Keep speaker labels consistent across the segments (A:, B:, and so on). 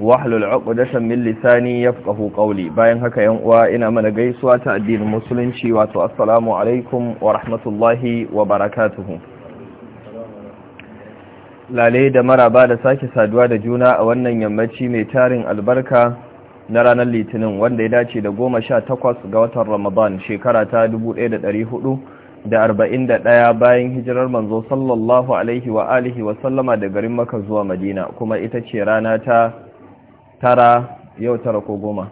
A: wahlul uqdatan min lisani yafqahu qawli bayan haka yan uwa ina mana gaisuwa ta addinin musulunci wato assalamu alaikum wa rahmatullahi wa barakatuh lale da maraba da sake saduwa da juna a wannan yammaci mai tarin albarka na ranar litinin wanda ya dace da goma sha takwas ga watan ramadan shekara ta dubu da da arba'in da ɗaya bayan hijirar manzo sallallahu alaihi wa alihi wa sallama da garin maka zuwa madina kuma ita ce rana ta tara yau tara ko goma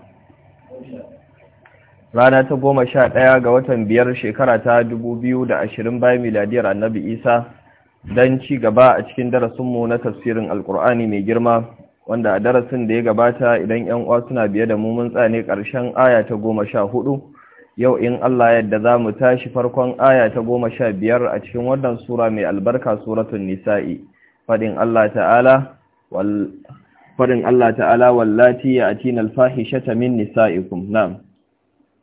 A: rana ta goma sha ɗaya ga watan biyar shekara ta dubu biyu da ashirin bayan miladiyar annabi isa don ci gaba a cikin darasinmu na tafsirin alkur'ani mai girma wanda a darasin da ya gabata idan yan uwa suna biye da mu mun tsane ƙarshen aya ta goma sha hudu yau in allah yadda za mu tashi farkon aya ta goma sha biyar a cikin wannan sura mai albarka suratun nisa'i faɗin allah ta'ala wal farin Allah ta'ala wallati ya atina alfahishata min nisaikum na'am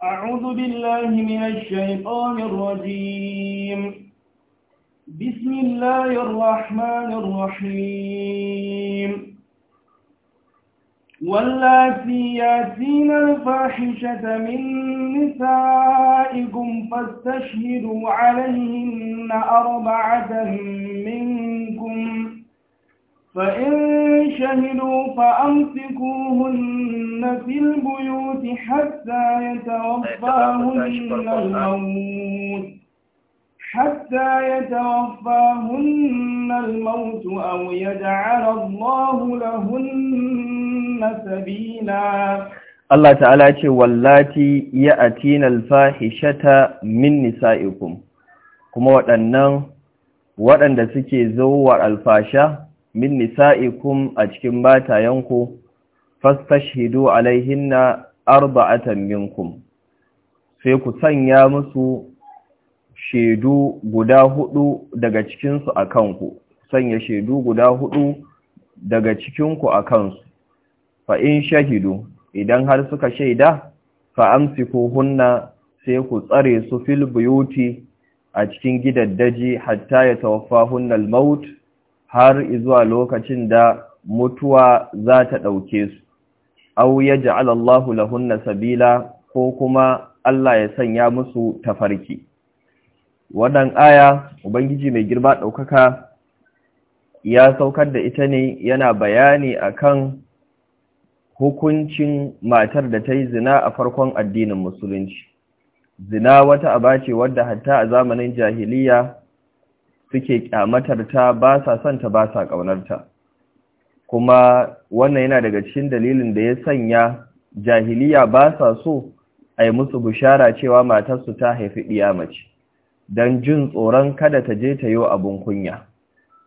B: a'udhu billahi minash shaitanir rajim bismillahir rahmanir rahim wallati ya atina alfahishata min nisaikum fastashhidu 'alayhinna arba'atan minkum فإن شهدوا فأمسكوهن في البيوت حتى يتوفاهن الموت حتى يتوفاهن الموت أو يجعل الله لهن سبيلا
A: Allah ta'ala ce wallati ya atina alfahishata min nisa'ikum kuma waɗannan waɗanda suke zowar alfasha min nisa'ikum a cikin matayenku fastashhidu alaihinna arba'atan minkum sai ku sanya musu shaidu guda hudu daga cikinsu a kanku sanya shaidu guda hudu daga cikinku a kansu fa in shahidu idan har suka shaida fa hunna sai ku tsare su fil buyuti a cikin gidaddaji hatta ya tawaffahunna al-maut har izuwa lokacin da mutuwa za ta ɗauke su au ya ja'ala Allahu lahunna sabila ko kuma Allah ya sanya musu tafarki wannan aya ubangiji mai girma ɗaukaka ya saukar da ita ne yana bayani akan hukuncin matar da ta yi zina a farkon addinin musulunci zina wata abace wadda hatta a zamanin jahiliya suke kyamatar ta ba sa son ta ba sa kaunar ta kuma wannan yana daga cikin dalilin da ya sanya jahiliya ba sa so a yi musu bishara cewa matarsu ta haifi ɗiya mace don jin tsoron kada ta je ta yi abun kunya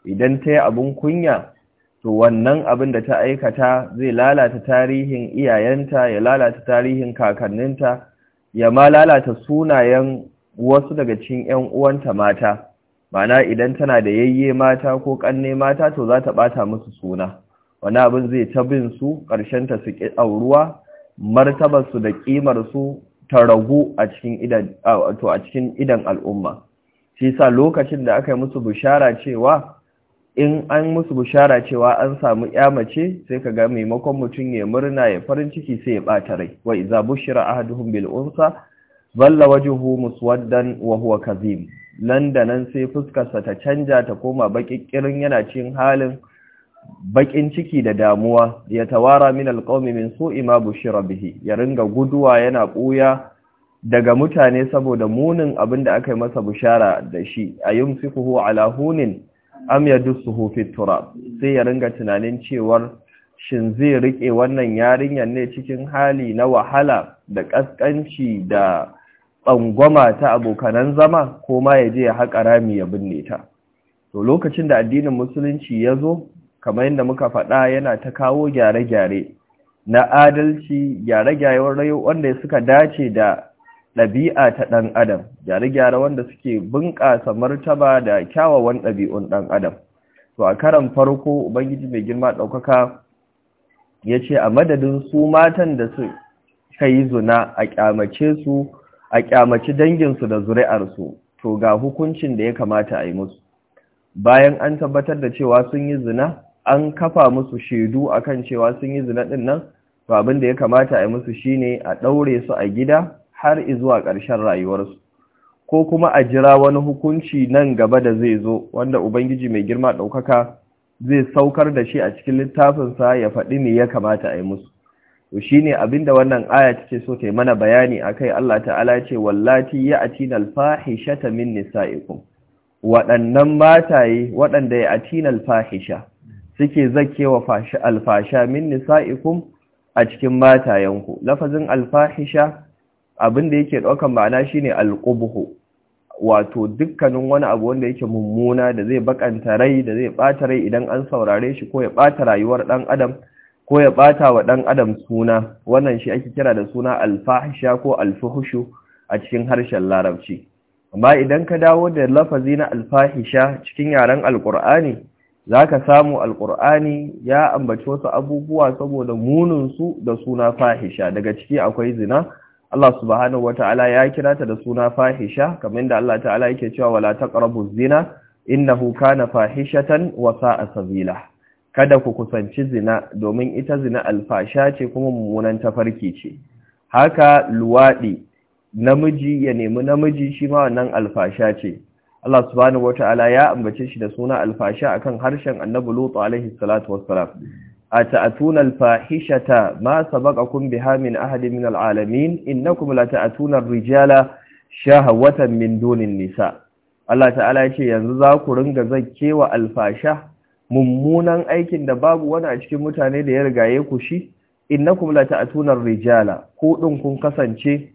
A: idan ta yi abun kunya to wannan abin da ta aikata zai lalata tarihin iyayenta ya lalata tarihin kakanninta ya ma lalata sunayen wasu daga cikin 'yan uwanta mata mana idan tana da yayye mata ko kanne mata to za ta bata musu suna wani abin zai ta bin su ta su ki auruwa martabarsu da kimar su ta ragu a cikin idan to a cikin idan al'umma shi sa lokacin da aka yi musu bishara cewa in an musu bishara cewa an samu ya mace sai ka ga maimakon mutum ya murna ya farin ciki sai ya bata rai wa iza bushira ahaduhum bil unsa balla wajhuhu muswaddan wa huwa kazim nan da nan sai fuskarsa ta canja ta koma baƙiƙirin yana cin halin baƙin ciki da damuwa ya tawara min alƙawmi min su'i ma bushira bihi ya ringa guduwa yana ɓuya daga mutane saboda munin abin da aka yi masa bushara da shi a yumsikuhu ala hunin am yadussuhu fi turab sai ya ringa tunanin cewar shin zai rike wannan yarinyar ne cikin hali na wahala da ƙasƙanci da ɓangwama ta abokanan zama ko ma ya je ya haƙa rami ya binne ta to lokacin da addinin musulunci ya zo kamar yadda muka faɗa yana ta kawo gyare-gyare na adalci gyare gyare wanda suka dace da ɗabi'a ta ɗan adam gyare-gyare wanda suke bunƙasa martaba da kyawawan ɗabi'un ɗan adam to a karan farko ubangiji mai girma ɗaukaka ya ce a madadin su matan da su yi zuna a kyamace su a kyamaci danginsu da zuri'arsu to ga hukuncin da ya kamata a yi musu bayan an tabbatar da cewa sun yi zina an kafa musu shaidu akan cewa sun yi zina din nan to abin da ya kamata a yi musu shine a daure su a gida har izuwa ƙarshen rayuwarsu ko kuma a jira wani hukunci nan gaba da zai zo wanda ubangiji mai girma ɗaukaka zai saukar da shi a cikin littafinsa ya faɗi me ya kamata a yi musu to shine abinda wannan aya ce so ta yi mana bayani a kai Allah ta'ala ce wallati ya'tina al-fahishata min nisa'ikum waɗannan mataye waɗanda ya al-fahisha suke zakewa fashi alfasha min nisa'ikum a cikin matayenku lafazin alfahisha abinda yake ɗaukan ma'ana shine al wato dukkanin wani abu wanda yake mummuna da zai bakanta rai da zai ɓata rai idan an saurare shi ko ya ɓata rayuwar ɗan adam ko ya bata wa dan adam suna wannan shi ake kira da suna alfahisha ko alfuhushu a cikin harshen larabci amma idan ka dawo da lafazi na alfahisha cikin yaren alkur'ani za ka samu alkur'ani ya ambaci wasu abubuwa saboda su da suna fahisha daga ciki akwai zina Allah subhanahu wata'ala ya kira ta da suna fahisha kamar da Allah ta'ala yake cewa wala taqrabuz zina innahu kana fahishatan wa sa'a sabila kada ku kusanci zina domin ita zina alfasha ce kuma mummunan tafarki ce haka luwaɗi namiji ya nemi namiji shi ma wannan alfasha ce Allah subhanahu wata'ala ya ambace shi da suna alfasha akan harshen annabi Lut alaihi salatu wassalam ata'atuna alfahishata ma sabaqakum biha min ahadin min alalamin innakum la ta'atuna ar-rijala shahawatan min dunin nisa Allah ta'ala ya ce yanzu za ku ringa zakkewa alfasha mummunan aikin da babu wani a cikin mutane da ya rigaye ku shi innakum la tunar rijala ko din kun kasance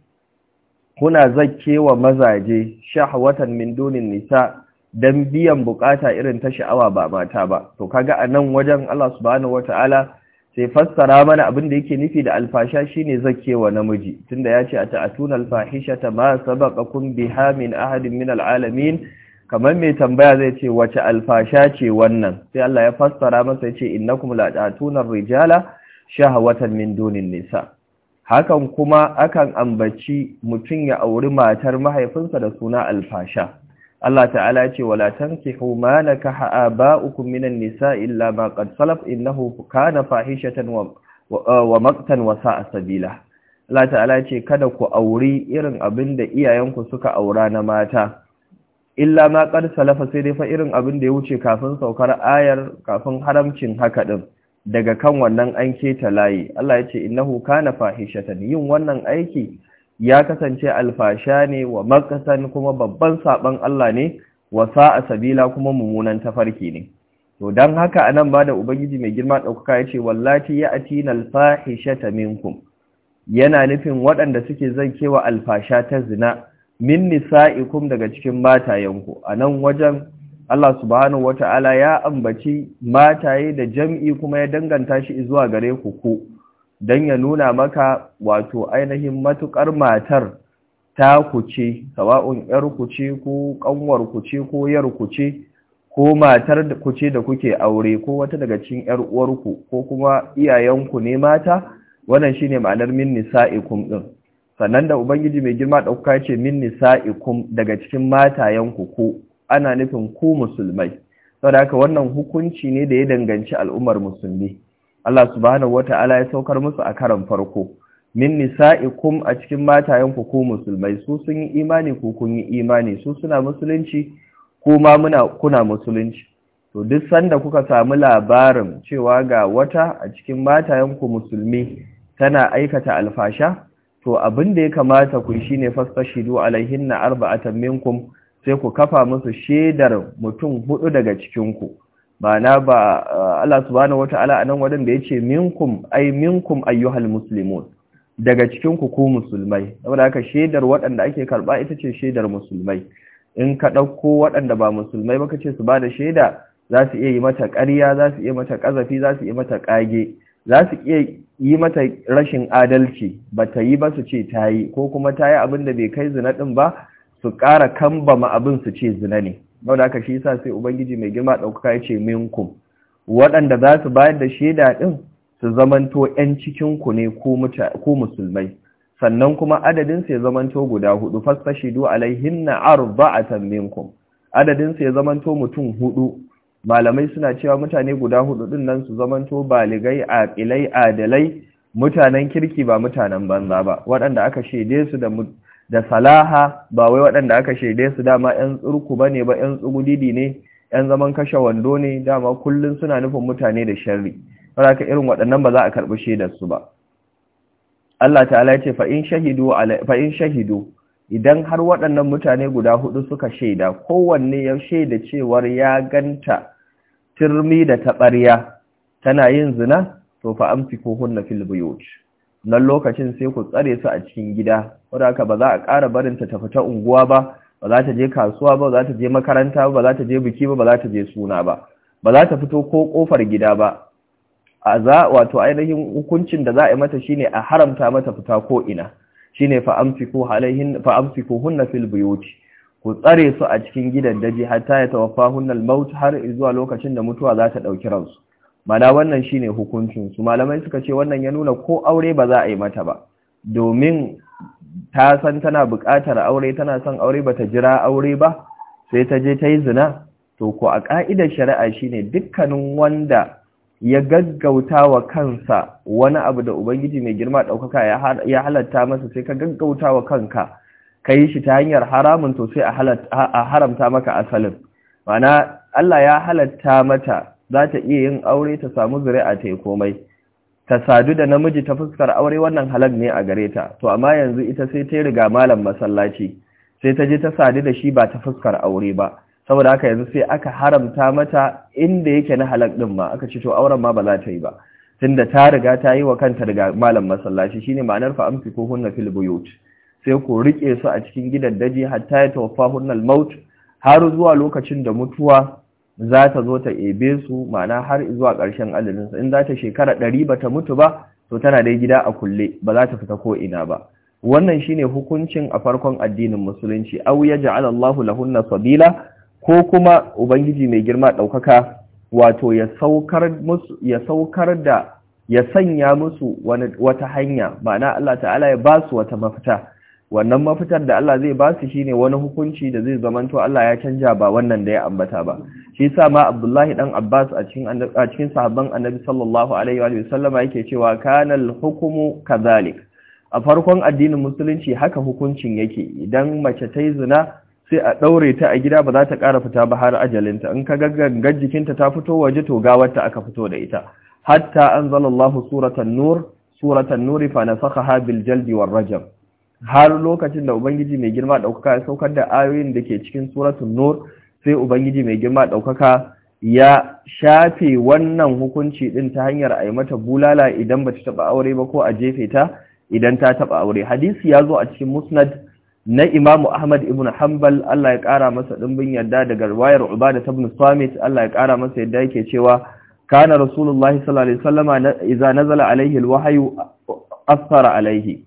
A: kuna zakkewa mazaje shahwatan min dunin nisa dan biyan bukata irin ta sha'awa ba mata ba to kaga anan wajen Allah subhanahu wataala sai fassara mana abin da yake nufi da alfasha shine zakkewa namiji tunda yace ata'tuna alfahishata ma sabaqakum biha min ahadin min alalamin kamar mai tambaya zai ce wace alfasha ce wannan sai Allah ya fassara masa ya ce innakum la'atuna rijala shahawatan min dunin nisa hakan kuma akan ambaci mutum ya auri matar mahaifinsa da suna alfasha Allah ta'ala ce wala tankihu ma nakaha aba'ukum minan nisa illa ma qad salaf innahu kana fahishatan wa wa maqtan wa sa'a sabila Allah ta'ala ce kada ku auri irin abin da iyayenku suka aura na mata illa ma kar salafa sai dai fa irin abin da ya wuce kafin saukar ayar kafin haramcin haka din daga kan wannan an keta layi Allah ya ce innahu kana fahishatan yin wannan aiki ya kasance alfasha ne wa makasan kuma babban saban Allah ne wa sa'a sabila kuma mummunan tafarki ne to dan haka anan ba da ubangiji mai girma daukaka yace ya ya'tina alfahishata minkum yana nufin waɗanda suke zankewa alfasha ta zina min nisa'ikum daga cikin matayenku a nan wajen Allah subhanahu wata'ala ya ambaci mataye da jam'i kuma ya danganta shi zuwa gare ku ku don ya nuna maka wato ainihin matukar matar ta kuce sawa'un ‘yar kuce ko ƙanwar kuce ko yar kuce ko matar kuce da kuke aure ko wata daga cikin ‘yar uwarku ko kuma iyayenku ne mata wannan shine ma'anar min nisa'ikum ɗin sannan da ubangiji mai girma ɗauka ce min nisa'ikum daga cikin matayenku ku ana nufin ku musulmai sau haka wannan hukunci ne da ya danganci al'ummar musulmi Allah subhanahu ta'ala ya saukar musu a karan farko min nisa'ikum a cikin matayenku ku musulmai su sun yi imani ku kun yi imani su suna musulunci ku ma muna kuna musulunci to duk sanda kuka samu labarin cewa ga wata a cikin matayenku musulmi tana aikata alfasha to abin da ya kamata ku shi ne fastashidu alaihinna arba'atan minkum sai ku kafa musu shaidar mutum hudu daga cikinku ba na eh, ba Allah subhanahu wataala anan wadanda da yace minkum ay minkum ayyuhal muslimun daga cikinku ku musulmai saboda haka shaidar waɗanda ake karɓa ita ce shaidar musulmai in ka ɗauko waɗanda ba musulmai ba ka ce su ba da shaida za su iya yi mata ƙarya za su iya mata ƙazafi za su iya mata ƙage za su iya yi mata rashin adalci ba ta yi ba su ce ta yi ko kuma ta yi abin da bai kai zina ɗin ba su ƙara kambama abin su ce zina ne ba da aka shi sa sai ubangiji mai girma ɗaukaka ya ce minkum waɗanda za su bayar da shaida ɗin su zamanto 'yan ku ne ko musulmai sannan kuma adadin su ya zamanto guda hudu fastashidu alaihinna arba'atan minkum adadin su ya zamanto mutum hudu malamai suna cewa mutane guda hudu din nan su zamanto baligai aqilai adalai mutanen kirki ba mutanen banza ba waɗanda aka shaide su da da salaha ba wai waɗanda aka shaide su dama ƴan tsurku bane ba ƴan tsugudidi ne ƴan zaman kashe wando ne dama kullun suna nufin mutane da sharri saboda irin waɗannan ba za a karɓi shaidar su ba Allah ta'ala ya ce fa in shahidu fa in shahidu idan har waɗannan mutane guda hudu suka shaida kowanne ya shaida cewar ya ganta turmi da taɓarya tana yin zina to fa ko hunna fil buyut nan lokacin sai ku tsare su a cikin gida wanda aka ba za a ƙara barin ta tafi ta unguwa ba ba za ta je kasuwa ba za ta je makaranta ba za ta je biki ba ba za ta je suna ba ba za ta fito ko kofar gida ba a za wato ainihin hukuncin da za a yi mata shine a haramta mata fita ko ina Shi ne amsiku ko fa ku tsare su a cikin gidan daji hatta ya tawafa hunna maut har zuwa lokacin da mutuwa za ta ɗauki ransu mana wannan shine hukuncin su malamai suka ce wannan ya nuna ko aure ba za a yi mata ba domin ta san tana buƙatar aure tana son aure bata jira aure ba sai ta je ta yi zina to ku a ka'idar shari'a shi ne dukkanin wanda ya gaggauta wa kansa wani abu da ubangiji mai girma ɗaukaka ya halatta masa sai ka gaggauta wa kanka ka yi shi ta hanyar haramun to sai a haramta maka asalin mana Allah ya halatta mata za ta iya yin aure ta samu zuri'a ta yi komai ta sadu da namiji ta fuskar aure wannan halal ne a gare ta to amma yanzu ita sai ta riga malam masallaci sai ta je ta sadu da shi ba ta fuskar aure ba saboda haka yanzu sai aka haramta mata inda yake na halak din ma aka ce to auren ma ba za ta yi ba tunda ta riga ta yi wa kanta daga malam masallaci shine ma'anar fa amfi ko hunna fil buyut sai ku rike su a cikin gidan daji hatta ya tawaffa al maut har zuwa lokacin da mutuwa za ta zo ta ebe su ma'ana har zuwa ƙarshen sa in za ta shekara ɗari ba ta mutu ba to tana da gida a kulle ba za ta fita ko ina ba wannan shine hukuncin a farkon addinin musulunci aw yaj'al Allahu lahunna sabila ko kuma ubangiji mai girma ɗaukaka wato ya saukar da ya sanya musu wata hanya ma'ana Allah ta'ala ya ba su wata mafita wannan mafitar da Allah zai ba su shine wani hukunci da zai zamanto Allah ya canja ba wannan da ya ambata ba shi yasa ma Abdullahi Ɗan Abbas a cikin sahabban Annabi sallallahu alaihi wa sallama yake cewa kana hukumu hukmu a farkon addinin musulunci haka hukuncin yake idan mace ta yi zina sai a ɗaure ta a gida ba za ta ƙara fita ba har ajalinta in ka gaggar jikinta ta fito waje to gawarta aka fito da ita hatta an zalallahu suratan nur suratan nuri fa nasakha bil jaldi war rajab har lokacin da ubangiji mai girma daukaka ya saukar da ayoyin da ke cikin suratul nur sai ubangiji mai girma daukaka ya shafe wannan hukunci din ta hanyar a mata bulala idan ba ta taba aure ba ko a jefe ta idan ta taba aure hadisi ya zo a cikin musnad na imamu ahmad ibn hanbal Allah ya kara masa dimbin yadda daga riwayar ubada ibn samit Allah ya kara masa yadda yake cewa kana rasulullahi sallallahu alaihi wasallama idza nazala alaihi alwahyu asfara alaihi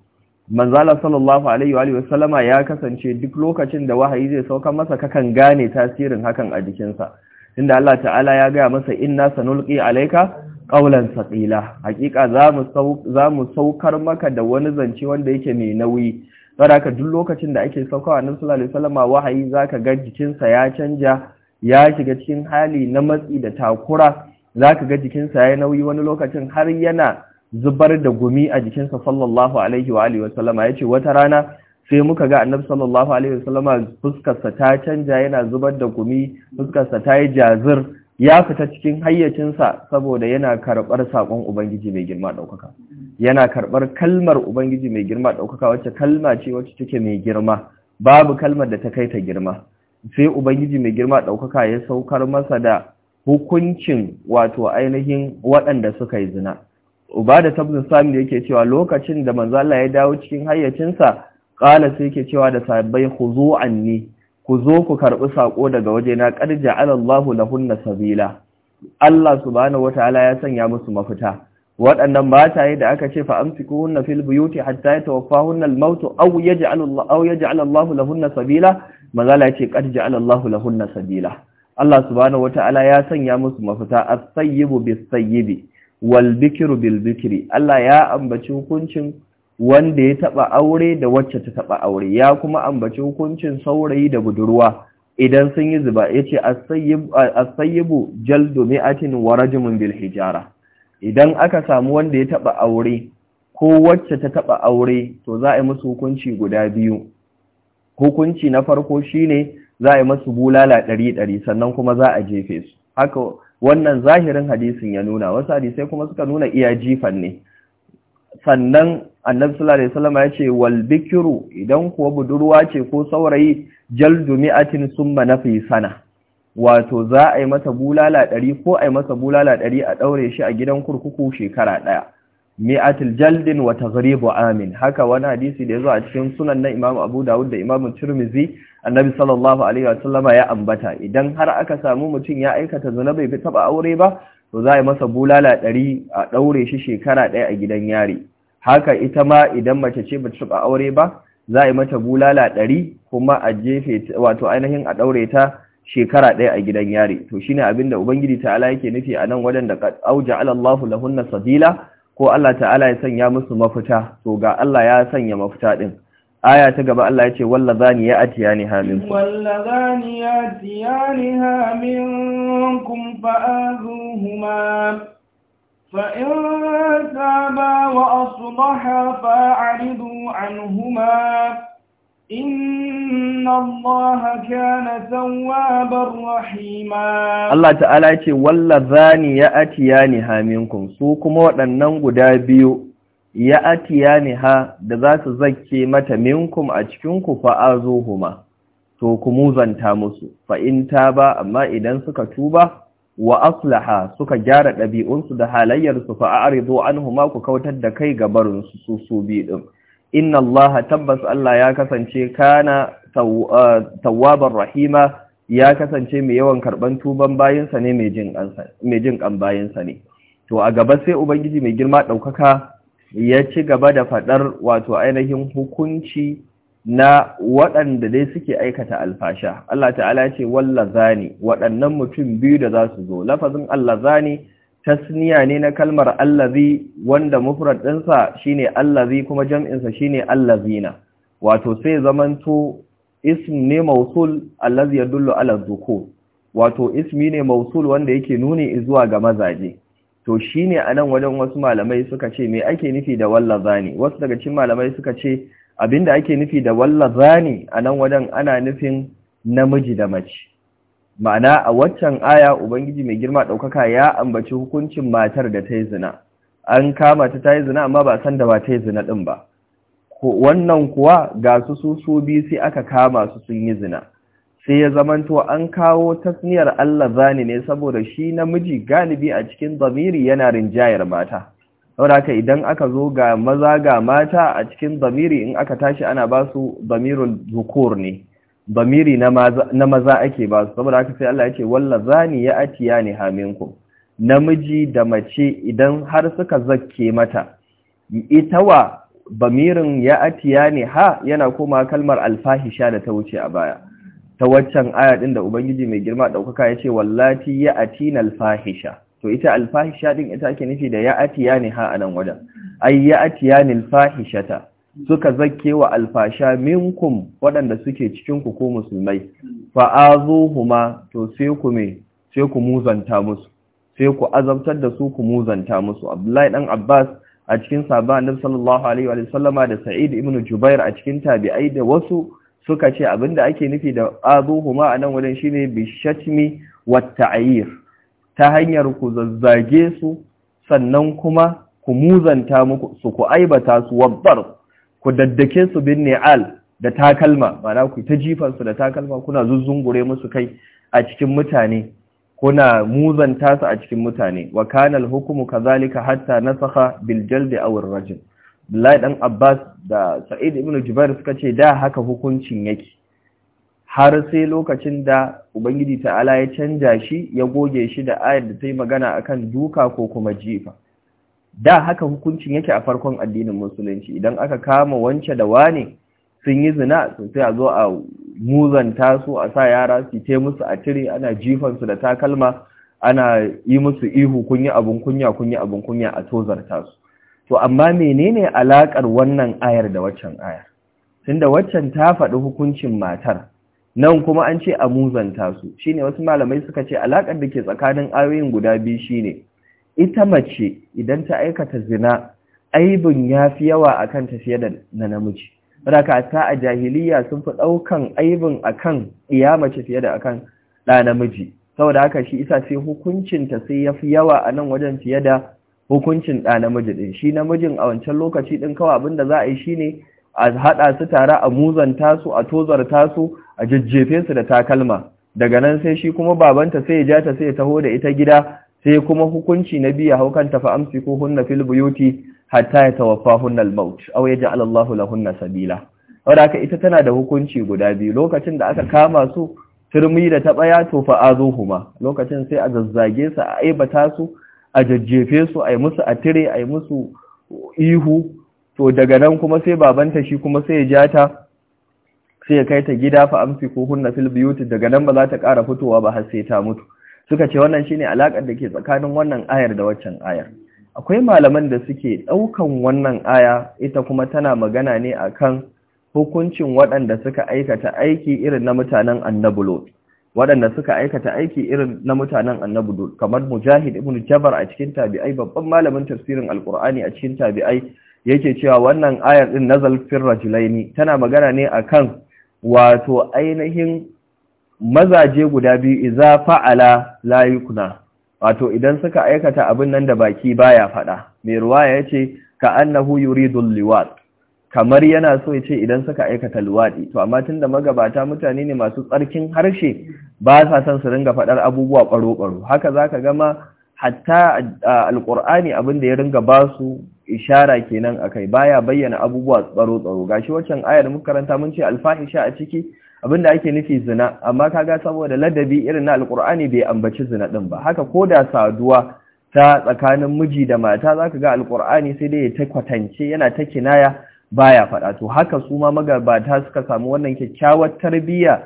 A: manzala sallallahu alaihi wa wasallama ya kasance duk lokacin da wahayi zai sauka masa kakan gane tasirin hakan a jikinsa inda Allah ta'ala ya gaya masa inna sanulqi alayka qawlan saqila hakika zamu zamu saukar maka da wani zance wanda yake mai nauyi saboda haka duk lokacin da ake saukawa annabi sallallahu alaihi wasallam wahayi zaka ga jikinsa ya canja ya shiga cikin hali na matsi da takura zaka ga jikinsa ya nauyi wani lokacin har yana zubar da gumi a jikinsa sallallahu alaihi wa alihi wasallam yace wata rana sai muka ga annabi sallallahu alaihi wasallam fuskarsa ta canja yana zubar da gumi fuskarsa ta yi jazir ya fita cikin hayyacinsa saboda yana karɓar saƙon ubangiji mai girma ɗaukaka yana karɓar kalmar ubangiji mai girma ɗaukaka wacce kalma ce wacce take mai girma babu kalmar da ta kai ta girma sai ubangiji mai girma ɗaukaka ya saukar masa da hukuncin wato ainihin waɗanda suka yi zina uba da tabbin sami yake cewa lokacin da manzala ya dawo cikin hayyacinsa ƙala sai yake cewa da sabbai huzu'an ne ku zo ku karɓi saƙo daga wajena qad ja'alallahu lahunna sabila Allah subhanahu wataala ya sanya musu mafita waɗannan mataye da aka ce fa amsikuhunna fil buyuti hatta yatawaffahunna al mautu, aw yaj'alu Allah aw yaj'alu Allah lahunna sabila mazala yace qad ja'ala Allah lahunna sabila Allah subhanahu wataala ya sanya musu mafita as-sayyibu bis-sayyibi wal bikru bil bikri Allah ya ambaci hukuncin wanda ya taɓa aure da wacce ta taba aure ya kuma ambaci hukuncin saurayi da budurwa idan sun yi zuba yace as-sayyibu jaldu mi'atin wa bil hijara idan aka samu wanda ya taɓa aure ko wacce ta taɓa aure to za a yi musu hukunci guda biyu hukunci na farko shine za a yi musu bulala ɗari ɗari sannan kuma za a jefe su haka wannan zahirin hadisin ya nuna wasu hadisai kuma suka nuna iya jifan ne sannan annabi sallallahu alaihi wasallam ya ce wal bikru idan kuwa budurwa ce ko saurayi jaldu mi'atin summa nafi sana wato za a yi masa bulala ɗari ko a yi masa bulala ɗari a daure shi a gidan kurkuku shekara ɗaya mi'atul jaldin wa taghribu amin haka wani hadisi da yazo a cikin sunan na Imam Abu Dawud da Imam Tirmidhi annabi sallallahu alaihi wasallama ya ambata idan har aka samu mutum ya aikata zina bai taba aure ba to za a masa bulala ɗari a ɗaure shi shekara ɗaya a gidan yari haka ita ma idan mace ce ba ta aure ba za a yi mata bulala ɗari kuma a jefe wato ainihin a ɗaure ta shekara ɗaya a gidan yari to shine abin da ubangiji ta'ala yake nufi a nan waɗanda auja alallahu lahunna sabila ko Allah ta'ala ya sanya musu mafita to ga Allah ya sanya mafita ɗin aya ta gaba Allah ya ce walla zani ya ajiya ni hamin
B: walla zani ya ajiya ni hamin kun fa’azu huma fa’in saba wa asubaha fa’aridu an huma inna Allah ka na tsawabar rahima
A: Allah ta’ala ce walla zani ya ajiya ni hamin kun su kuma waɗannan guda biyu ya atiya ni ha da za su zake mata minkum a cikinku huma, to ku muzanta musu fa'inta ba amma idan suka tuba wa aslaha suka gyara ɗabi'unsu da halayyarsu fa'arizo an huma ku kautar da kai gabarinsu su su bi ɗin inna allaha tabbas allah ya kasance kana eh, tawwabar rahima ya kasance mai yawan karɓar tuban bayansa ne mai jin ƙan bayansa ne to a gaba sai ubangiji mai girma ɗaukaka ya ci gaba da faɗar wato ainihin hukunci na waɗanda dai suke aikata alfasha Allah ta'ala ya ce wallazani waɗannan mutum biyu da za su zo lafazin allazani tasniya ne na kalmar allazi wanda mufrad ɗinsa shine allazi kuma jam'insa shine allazina wato sai zamanto ism ne mausul allazi yadullu ala dhukur wato ismi ne mausul wanda yake nuni zuwa ga mazaje to shi shine anan wajen wasu malamai suka ce me ake nufi da zani wasu daga cin malamai suka ce abinda ake nufi da a anan wajen ana nufin namiji da mace ma'ana a waccan aya ubangiji mai girma ɗaukaka ya ambaci hukuncin matar da ta yi zina an kama ta ta yi zina amma ba san da ba ta yi zina ɗin ba wannan kuwa ga su su su biyu sai aka kama su sun yi zina sai ya zamanto an kawo tasniyar Allah zani ne saboda shi namiji galibi a cikin zamiri yana rinjayar mata saboda idan aka zo ga maza ga mata a cikin zamiri in aka tashi ana ba su zamirin zukur ne zamiri na maza ake ba su saboda haka sai Allah ya Walla zani ya atiya ne haminku namiji da mace idan har suka zake mata ita wa bamirin ya atiya ne ha yana koma kalmar alfahisha da ta wuce a baya ta waccan aya din da ubangiji mai girma daukaka yace wallati ya'tina al alfahisha. to ita al-fahisha din ita ake nufi da ya'ati ne ha anan wajen ay ya'ati al-fahishata suka zake wa alfasha minkum waɗanda suke cikin ku ko musulmai fa'azuhuma to sai ku me sai ku muzanta musu sai ku azabtar da su ku muzanta musu abdullahi ɗan abbas a cikin sahaba annabi sallallahu alaihi wa sallama da sa'id ibn jubair a cikin tabi'ai da wasu suka ce abinda ake nufi da azuhuma a nan wurin shine bishatmi watta'ir ta hanyar ku zazzage su sannan kuma ku muzanta muku su ku aibata su wabbar ku daddake su bin ni'al da takalma mana ku ta jifan su da takalma kuna zuzzungure musu kai a cikin mutane kuna muzanta su a cikin mutane wa kana al-hukmu kazalika hatta nasakha bil jaldi aw ar-rajm Abdullahi dan Abbas da Sa'id ibn Jubair suka ce da haka hukuncin yake har sai lokacin da Ubangiji ta'ala ya canja shi ya goge shi da ayar da ta yi magana akan duka ko kuma jifa da haka hukuncin yake a farkon addinin musulunci idan aka kama wance da wane sun yi zina sai a zo a muzanta su a sa yara su te musu a tire ana jifansu da takalma ana yi musu ihu kunya abun kunya kunya abun kunya a tozarta su to amma menene alakar wannan ayar da waccan ayar tunda waccan ta faɗi hukuncin matar nan kuma an ce a muzanta su shine wasu malamai suka ce alakar da ke tsakanin ayoyin guda biyu shine ita mace idan ta aikata zina aibin yafi yawa akan ta fiye da namiji raka ta a jahiliya sun fi ɗaukan aibin akan iya mace fiye da akan ɗa namiji saboda haka shi isa sai hukuncinta sai yafi yawa anan wajen fiye da hukuncin ɗa namiji ɗin shi namijin a wancan lokaci ɗin kawai abin da za a yi shi ne a haɗa su tare a muzanta su a tozarta su a jajjefe su da takalma daga nan sai shi kuma babanta sai ya ja ta sai ya taho da ita gida sai kuma hukunci na biya hau kan tafi amsi ko hunna fil buyuti hatta ya tawaffa hunnal maut aw yaj'al Allahu lahunna sabila wadaka ita tana da hukunci guda biyu lokacin da aka kama su turmi da ta ɓaya to huma lokacin sai a zazzage su a aibata su a jajjefe su a yi musu a tire a yi musu ihu to daga nan kuma sai babanta shi kuma sai ya jata sai ya kai ta gida fa amsi ko hunna fil biyuti daga nan ba za ta ƙara fitowa ba har sai ta mutu suka ce wannan shine alakar da ke tsakanin wannan ayar da waccan ayar akwai malaman da suke ɗaukan wannan aya ita kuma tana magana ne akan hukuncin waɗanda suka aikata aiki irin na mutanen annabulo. waɗanda suka aikata aiki irin na mutanen annabi kamar mujahid ibn jabar a cikin tabi'ai babban malamin tafsirin alkur'ani a cikin tabi'ai yake cewa wannan ayar din nazal fir rajulaini tana magana ne akan wato ainihin mazaje guda biyu idza fa'ala la yukna wato idan suka aikata abin nan da baki baya fada mai ruwaya yace ka annahu yuridul liwat kamar yana so ya ce idan suka aikata luwaɗi to amma tun da magabata mutane ne masu tsarkin harshe ba sa son su ringa faɗar abubuwa ƙwaro-ƙwaro, haka za ka gama hatta alƙur'ani abin da ya ringa ba su ishara kenan a kai baya bayyana abubuwa tsaro-tsaro gashi waccan ayar muka karanta mun ce alfahisha a ciki abin da ake nufi zina amma kaga saboda ladabi irin na alƙur'ani bai ambaci zina ɗin ba haka ko da saduwa ta tsakanin miji da mata zaka ga alƙur'ani sai dai ya ta kwatance yana ta kinaya baya faɗa to haka su ma magabata suka samu wannan kyakkyawar tarbiyya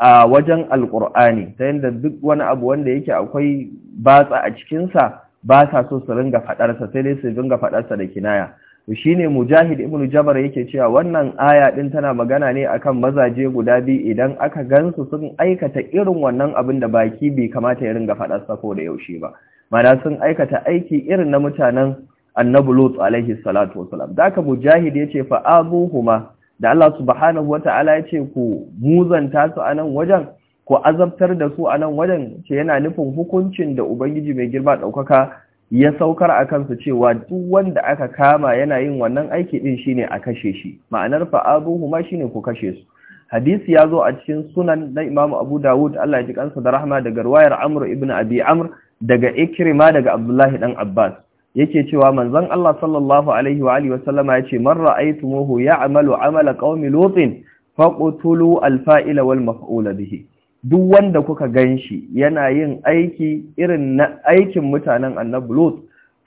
A: a wajen alkur'ani ta yadda duk wani abu wanda yake akwai batsa a cikinsa ba sa so su ringa faɗarsa sai dai su ringa faɗarsa da kinaya to ne mujahid ibn jabar yake cewa wannan aya din tana magana ne akan mazaje guda biyu idan aka gansu sun aikata irin wannan abin da baki bai kamata ya ringa faɗarsa ko da yaushe ba mana sun aikata aiki irin na mutanen annabi lut alaihi salatu wasalam da ka mujahid yace fa azuhuma da Allah subhanahu wataala yace ku muzanta su anan wajen ku azabtar da su anan wajen ce yana nufin hukuncin da ubangiji mai girma daukaka ya saukar a kansu cewa duk wanda aka kama yana yin wannan aiki din shine a kashe shi ma'anar fa azuhuma shine ku kashe su hadisi ya zo a cikin sunan na imamu Abu Dawud Allah ya ji kansa da rahma daga riwayar amru ibnu Abi Amr daga Ikrima daga Abdullahi dan Abbas yake cewa manzon Allah sallallahu alaihi wa alihi wasallama yace man ra'aytumuhu ya'malu amala qaumi lutin faqtulu al-fa'ila wal maf'ula bihi duk wanda kuka ganshi yana yin aiki irin na aikin mutanen annabi lut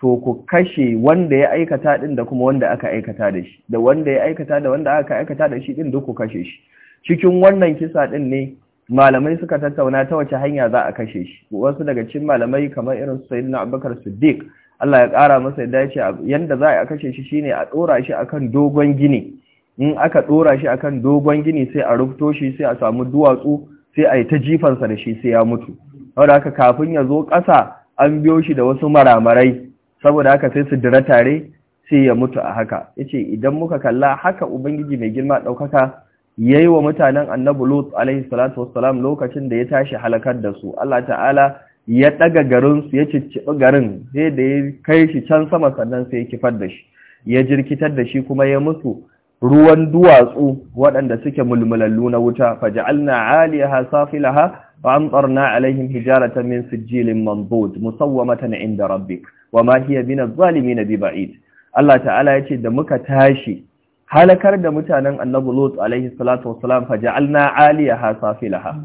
A: to ku kashe wanda ya aikata din da kuma wanda aka aikata da shi da wanda ya aikata da wanda aka aikata da shi din duk ku kashe shi cikin wannan kisa din ne malamai suka tattauna ta wace hanya za a kashe shi wasu daga cikin malamai kamar irin Sayyidina Abubakar Siddiq Allah ya ƙara masa yadda ce yanda za a kashe shi shine a ɗora shi akan dogon gini in aka ɗora shi akan dogon gini sai a rufto shi sai a samu duwatsu sai a yi ta jifansa da shi sai ya mutu saboda haka kafin ya zo ƙasa an biyo shi da wasu maramarai saboda haka sai su dira tare sai ya mutu a haka Ya ce idan muka kalla haka ubangiji mai girma ɗaukaka ya yi wa mutanen annabi lot alaihi salatu wassalam lokacin da ya tashi halakar da su Allah ta'ala ya daga garinsu ya cicciɓi garin sai da ya kai shi can sama sannan sai ya kifar da shi ya jirkitar da shi kuma ya musu ruwan duwatsu waɗanda suke mulmulallu na wuta faja'alna 'aliyaha safilaha wa amtarna 'alaihim hijaratan min sijilin mandud musawwamatan 'inda rabbik ma hiya min adh-dhalimin biba'id Allah ta'ala ya ce da muka tashi halakar da mutanen Annabi Lut alaihi salatu wassalam faja'alna 'aliyaha safilaha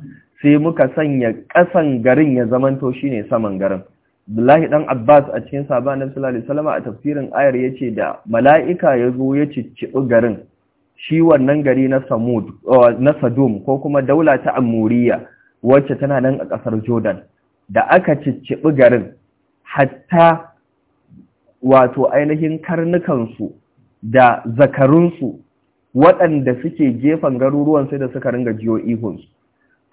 A: sai muka sanya ƙasan garin ya zamanto shine saman garin Abdullahi ɗan Abbas a cikin sabon Annabi sallallahu alaihi wasallam a tafsirin ayar yace da mala'ika yazo ya ciccibi garin shi wannan gari na Samud na Sadum ko kuma daula ta Amuriya wacce tana nan a ƙasar Jordan da aka ciccibi garin hatta wato ainihin karnukansu da zakarunsu waɗanda suke gefen garuruwan sai da suka ringa jiyo ihunsu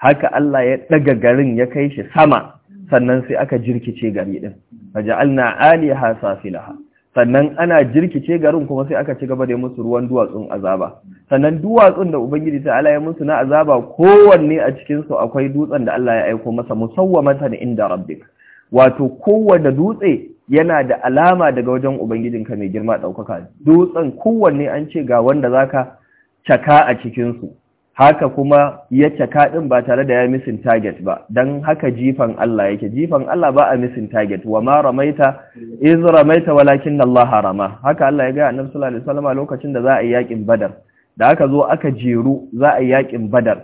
A: haka Allah ya daga garin ya kai shi sama sannan sai aka jirkice gari din faja'alna aliha safilaha sannan ana jirkice garin kuma sai aka ci gaba da musu ruwan duwatsun azaba sannan duwatsun da ubangiji ta Allah ya musu na azaba kowanne a cikinsu akwai dutsen da Allah ya aiko masa musawwamatan inda rabbik wato kowanne dutse yana da alama daga wajen ubangijin ka mai girma daukaka dutsen kowanne an ce ga wanda zaka caka a cikinsu. haka kuma ya caka ɗin ba tare da ya misin target ba Don haka jifan Allah yake jifan Allah ba a misin target wa ma ramaita iz ramaita walakin Allah harama haka Allah ya ga Annabi sallallahu alaihi wasallam lokacin da za a yi yakin Badar da aka zo aka jeru za a yi yaƙin Badar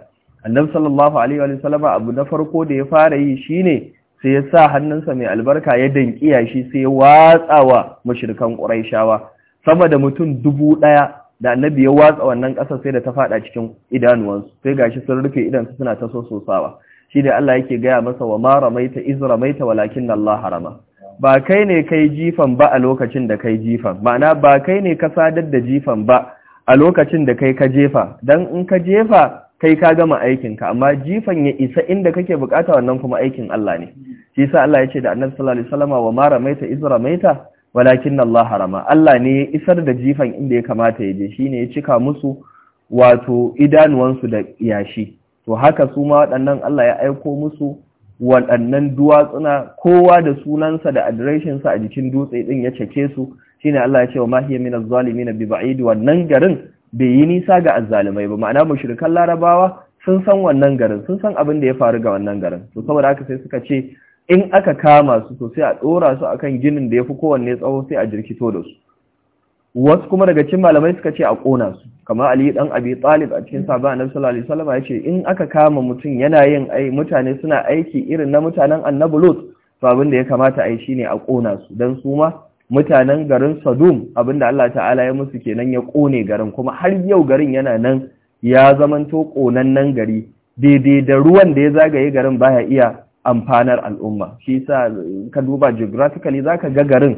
A: Annabi sallallahu alaihi wasallam abu na farko da ya fara yi shine sai ya sa hannunsa mai albarka ya dankiya shi sai ya watsawa mushrikan Quraishawa sama da mutum dubu ɗaya da annabi ya watsa wannan ƙasar sai da ta faɗa cikin idanuwansu sai gashi sun rufe idansu suna ta sosawa shi da Allah yake gaya masa wa ma ramaita iz ramaita walakin Allah harama ba kai ne kai jifan ba a lokacin da kai jifan ma'ana ba kai ne ka sadar da jifan ba a lokacin da kai ka jefa dan in ka jefa kai ka gama aikinka amma jifan ya isa inda kake bukata wannan kuma aikin Allah ne shi sa Allah ya ce da Annabi sallallahu alaihi wasallama wa ma ramaita iz ramaita walakin Allah harama Allah ne ya isar da jifan inda ya kamata ya je shi ne ya cika musu wato idanuwansu da yashi to haka su ma waɗannan Allah ya aiko musu waɗannan duwatsuna kowa da sunansa da adireshinsa a jikin dutse ɗin ya cake su shi ne Allah ya ce wa mahiya minar zalimi na biba'idu wannan garin bai yi nisa ga azzalimai ba ma'ana mushrikan larabawa sun san wannan garin sun san abin da ya faru ga wannan garin to saboda haka sai suka ce in aka kama su sosai, a ɗora su akan ginin da ya fi kowanne tsawo sai a jirkito da su wasu kuma daga cikin malamai suka ce a ƙona su kamar ali dan abi talib a cikin sahaba annabi sallallahu alaihi wasallam ya ce in aka kama mutum yana yin ai mutane suna aiki irin na mutanen annabi lot to abin da ya kamata ai shine a ƙona su dan su ma mutanen garin Sodom abinda Allah ta'ala ya musu kenan ya ƙone garin kuma har yau garin yana nan ya zamanto ƙonannen gari daidai da ruwan da ya zagaye garin baya iya amfanar al'umma shi sa ka duba geographically zaka ga garin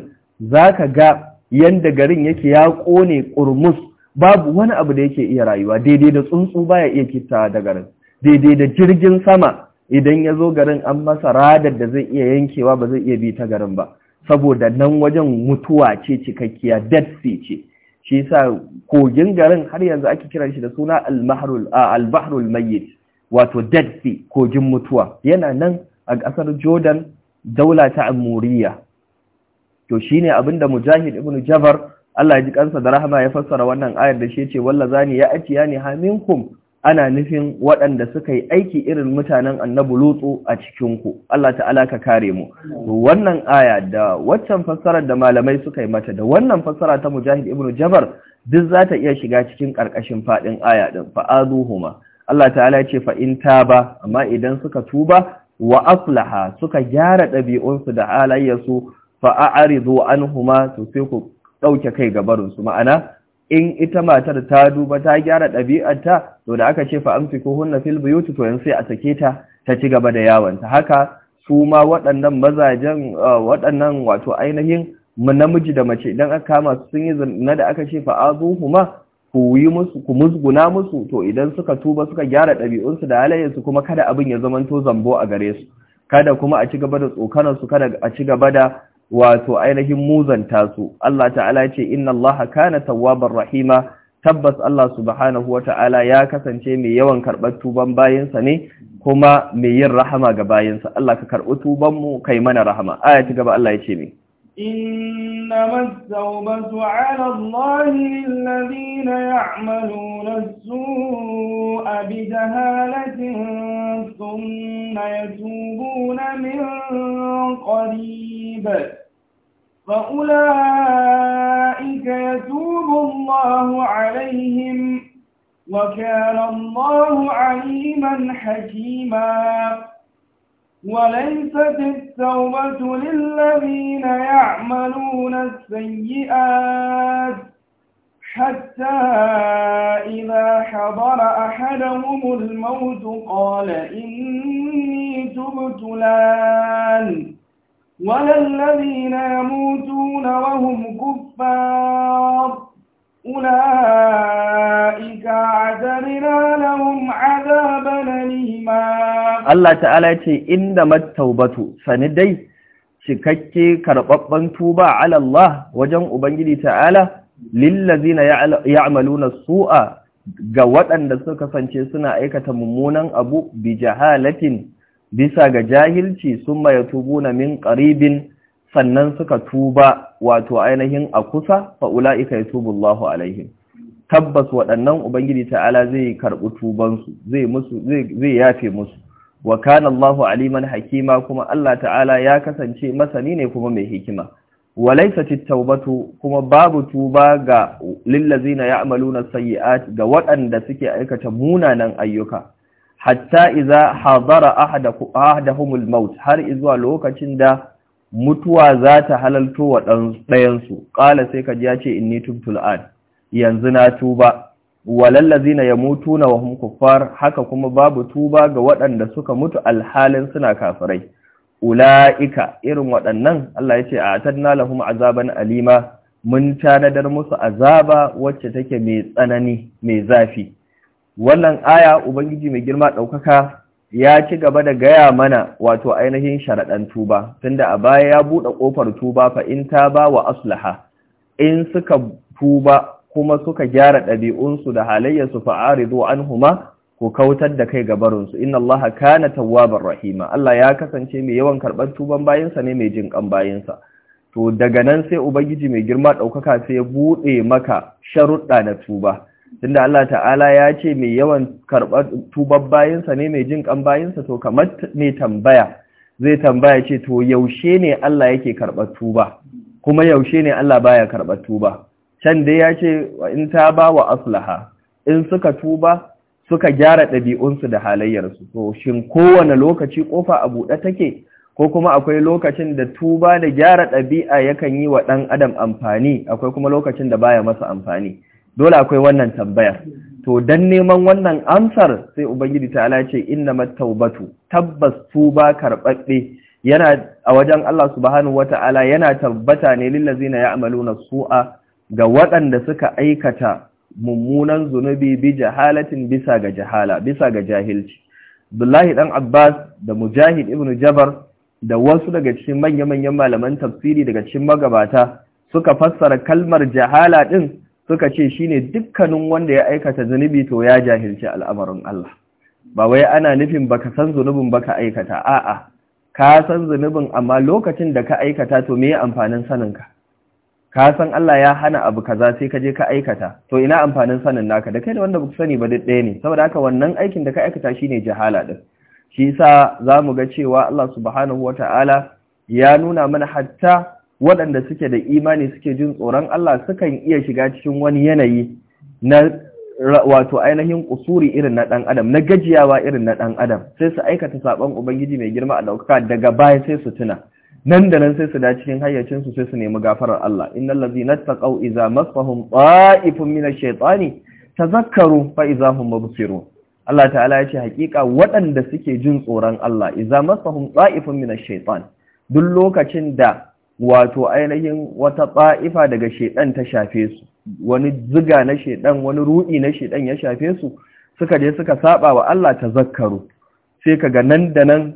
A: zaka ga yadda garin yake ya kone kurmus babu wani abu da yake iya rayuwa daidai da tsuntsu baya iya kitta da garin daidai da jirgin sama idan ya zo garin an masa radar da zai iya yankewa ba zai iya bi ta garin ba saboda nan wajen mutuwa ce cikakkiya dead sea ce shi sa kogin garin har yanzu ake kira shi da suna al-bahrul mayyit wato dead sea kogin mutuwa yana nan a ƙasar jordan daula ta amuriya to shi ne abinda mujahid ibn jabar Allah ya ji kansa da rahama ya fassara wannan ayar da shi ce wallazani ya ya ne haminkum ana nufin waɗanda suka yi aiki irin mutanen annabi lutsu a cikinku. Allah ta'ala ka kare mu wannan aya da waccan fassarar da malamai suka yi mata da wannan fassara ta mujahid ibn jabar duk za ta iya shiga cikin ƙarƙashin fadin aya din fa'aduhuma Allah ta'ala ya ce fa'in ta ba amma idan suka tuba wa aslaha suka gyara ɗabi'unsu da halayyarsu fa'a'arizu anhuma su sai ku ɗauke kai gabarinsu ma'ana in ita matar ta duba ta gyara ɗabi'arta to da aka ce fa'amfi ko hunna fil buyuti to yanzu sai a sake ta ta ci gaba da yawanta haka su ma waɗannan mazajen uh, waɗannan wato ainihin namiji da mace idan aka kama su sun yi zina da aka ce huma ku yi musu ku musguna musu to idan suka tuba suka gyara ɗabi'unsu da halayensu kuma kada abin ya zamanto zambo a gare su kada kuma a ci gaba da tsokanar su kada a ci gaba da wato ainihin muzanta su Allah ta'ala ce inna Allah kana tawwabar rahima tabbas Allah subhanahu wata'ala ya kasance mai yawan karɓar tuban bayansa ne kuma mai yin rahama ga bayansa Allah ka karɓi tuban mu kai mana rahama aya ci gaba Allah ya ce mai
B: إنما التوبة على الله للذين يعملون السوء بجهالة ثم يتوبون من قريب فأولئك يتوب الله عليهم وكان الله عليما حكيما وليست التوبة للذين يعملون السيئات حتى إذا حضر أحدهم الموت قال إني تبت الآن ولا الذين يموتون وهم كفار أولئك أعتدنا لهم عذابا أليما
A: الله تعالى يقول إنما التوبة سندي cikakke karɓaɓɓen tuba ala Allah wajen Ubangiji ta'ala lillazina ya'maluna su'a ga waɗanda suka kasance suna aikata mummunan abu bi jahalatin bisa ga jahilci sun ya tubuna min ƙaribin sannan suka tuba wato ainihin a kusa fa ula'ika yatubullahu alaihim tabbas waɗannan ubangiji ta'ala zai karɓi tubansu zai musu zai yafe musu wa kana Allahu aliman hakima kuma Allah ta'ala ya kasance masani ne kuma mai hikima wa tawbatu kuma babu tuba ga lillazina ya'maluna sayyi'at ga waɗanda suke aikata munanan ayyuka hatta idza hadara humul maut har izuwa lokacin da mutuwa za ta halalto wa ɗayansu ƙala sai ka ya ce inni tubtul an yanzu na tuba ya na wa wahun kuffar haka kuma babu tuba ga waɗanda suka mutu alhalin suna kafirai ula'ika irin waɗannan Allah ya ce a na lahum azaban alima mun tanadar musu azaba wacce take mai tsanani mai zafi wannan aya ubangiji mai girma ɗaukaka ya ci gaba da gaya mana wato ainihin sharaɗan tuba tunda a baya ya buɗe ƙofar tuba fa in ta ba wa aslaha in suka tuba kuma suka gyara ɗabi'unsu da halayyarsu fa'aridu an huma ku kautar da kai gabarinsu inna allaha kana tawwabar rahima Allah ya kasance mai yawan karɓar tuban bayansa ne mai jin kan bayansa to daga nan sai ubangiji mai girma ɗaukaka sai ya buɗe maka sharuɗa na tuba tunda Allah ta'ala ya ce mai yawan karɓar tubar bayinsa ne mai jin kan bayinsa to kamar mai tambaya zai tambaya ce to yaushe ne Allah yake karɓar tuba kuma yaushe ne Allah baya karɓar tuba can dai ya ce in ta ba wa aslaha in suka tuba suka gyara ɗabi'unsu da halayyarsu to shin kowane lokaci kofa a buɗe take ko kuma akwai lokacin da tuba da gyara ɗabi'a yakan yi wa ɗan adam amfani akwai kuma lokacin da baya masa amfani dole akwai wannan tambayar to dan neman wannan amsar sai ubangiji ta ala ce inna taubatu tabbas tuba karbabbe yana a wajen Allah subhanahu wata'ala yana tabbata ne lillazina ya'maluna su'a ga waɗanda suka aikata mummunan zunubi bi jahalatin bisa ga jahala bisa ga jahilci billahi dan Abbas da Mujahid ibn Jabar da wasu daga cikin manya-manyan malaman tafsiri daga cikin magabata suka fassara kalmar jahala din suka ce shine dukkanin wanda ya aikata zunubi to ya jahilci al'amarin Allah ba wai ana nufin baka san zunubin baka aikata a'a ka san zunubin amma lokacin da ka aikata to me amfanin saninka ka san Allah ya hana abu kaza sai ka je ka aikata to ina amfanin sanin naka da kai da wanda baka sani ba duk ɗaya ne saboda haka wannan aikin da ka aikata shine jahala ɗin. shi yasa mu ga cewa Allah subhanahu wataala ya nuna mana hatta waɗanda suke da imani suke jin tsoron Allah sukan iya shiga cikin wani yanayi na wato ainihin kusuri irin na ɗan adam na gajiyawa irin na ɗan adam sai su aikata saɓon ubangiji mai girma a ɗaukaka daga baya sai su tuna nan da nan sai su da cikin hayyacinsu sai su nemi gafarar Allah Inna ladzina taqaw iza masahum ta'ifun minash shaitani tazakkaru fa iza hum mubsirun Allah ta'ala ya ce hakika waɗanda suke jin tsoron Allah iza, masahum ta'ifun minash shaitani duk lokacin da wato ainihin wata ba'ifa daga shaidan ta shafe su wani ziga na shaidan wani ruɗi na shaidan ya shafe su suka je suka saba wa Allah zakkaru, sai kaga nan da nan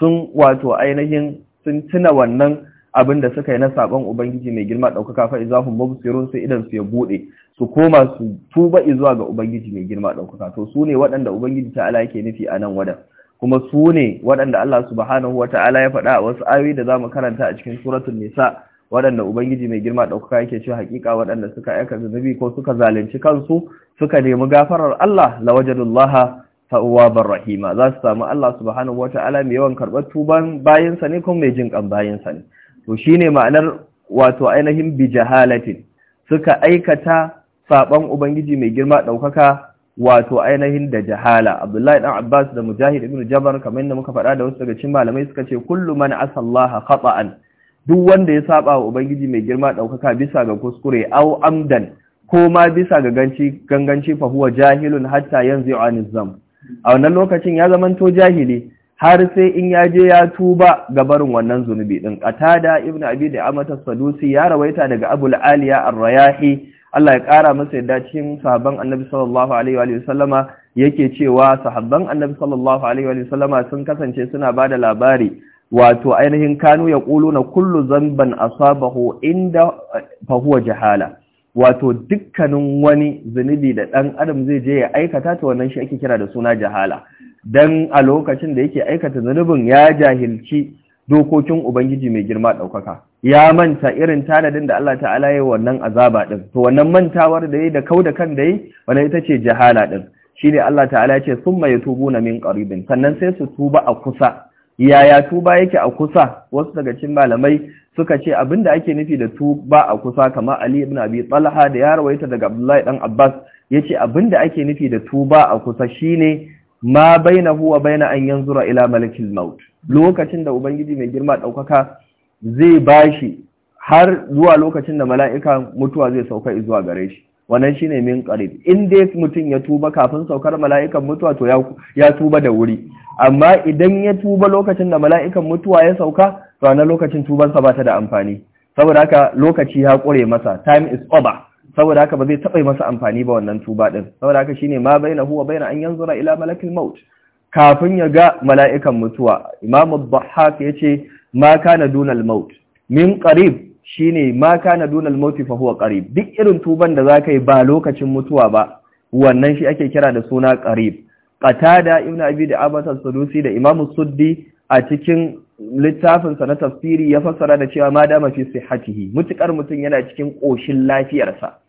A: sun wato ainihin sun tuna wannan abin da suka yi na saban ubangiji mai girma ɗaukaka fa izahum mubsirun sai idan su ya bude su koma su tuba zuwa ga ubangiji mai girma ɗaukaka to su ne waɗanda ubangiji ta ala yake nufi a nan wadanda kuma su ne waɗanda Allah subhanahu wa ta'ala ya faɗa a wasu ayoyi da za mu karanta a cikin suratul nisa waɗanda ubangiji mai girma ɗaukaka yake cewa haƙiƙa waɗanda suka aika zunubi ko suka zalunci kansu suka nemi gafarar Allah la lawajadullaha tawwabar rahima za su samu Allah subhanahu ta'ala mai yawan karɓar tuban bayansa ne kuma mai jin kan sa ne to shine ma'anar wato ainihin bijahalatin suka aikata saban ubangiji mai girma ɗaukaka wato ainihin da jahala abdullahi dan abbas da mujahid ibn jabar kamar inda muka faɗa da wasu daga cikin malamai suka ce kullu man asallaha khata'an duk wanda ya saba wa ubangiji mai girma daukaka bisa ga kuskure aw amdan ko ma bisa ga ganci ganganci fa huwa jahilun hatta yanzu an zam a wannan lokacin ya zamanto jahili har sai in ya je ya tuba ga barin wannan zunubi din qatada ibn abi da amata sadusi ya rawaita daga abul aliya ar-rayahi Allah ya ƙara masa yadda cikin sahabban annabi sallallahu alaihi wa sallama yake cewa sahabban annabi sallallahu alaihi wa sallama sun kasance suna ba da labari wato ainihin kanu ya ƙulu na kullu zamban asabahu inda fahuwa jahala wato dukkanin wani zunubi da ɗan adam zai je ya aikata ta wannan shi ake kira da suna jahala dan a lokacin da yake aikata zunubin ya jahilci dokokin ubangiji mai girma ɗaukaka ya manta irin tanadin da Allah ta'ala ya wannan azaba ɗin to wannan mantawar da yayi da kau da kan da yayi wani ita ce ɗin din ne Allah ta'ala ya ce summa na min ƙaribin. sannan sai su tuba a kusa yaya tuba yake a kusa wasu daga cin malamai suka ce abinda ake nufi da tuba a kusa kamar Ali ibn Abi Talha da ya rawaita daga Abdullahi dan Abbas ya yace da ake nufi da tuba a kusa shine ma baina huwa baina an yanzura ila malakil maut lokacin da ubangiji mai girma ɗaukaka zai bashi har zuwa lokacin da mala'ika mutuwa zai sauka zuwa gare shi wannan shine min qarib in dai mutum ya tuba kafin saukar mala'ikan mutuwa to ya tuba da wuri amma idan ya tuba lokacin da mala'ikan mutuwa ya sauka to a lokacin tubansa ba ta da amfani saboda haka lokaci ya kure masa time is over saboda haka ba zai taɓa masa amfani ba wannan tuba ɗin saboda haka shine ma baina huwa baina an yanzura ila malakil maut kafin ya ga mala'ikan mutuwa imamu ya ce ma kana dunal maut min qarib shine ma kana dunal maut fa huwa qarib duk irin tuban da zaka yi ba lokacin mutuwa ba wannan shi ake kira da suna qarib qatada ibnu abi da abbas as-sudusi da imamu suddi a cikin littafinsa na tafsiri ya fassara da cewa ma dama fi sihhatihi mutukar mutum yana cikin koshin lafiyarsa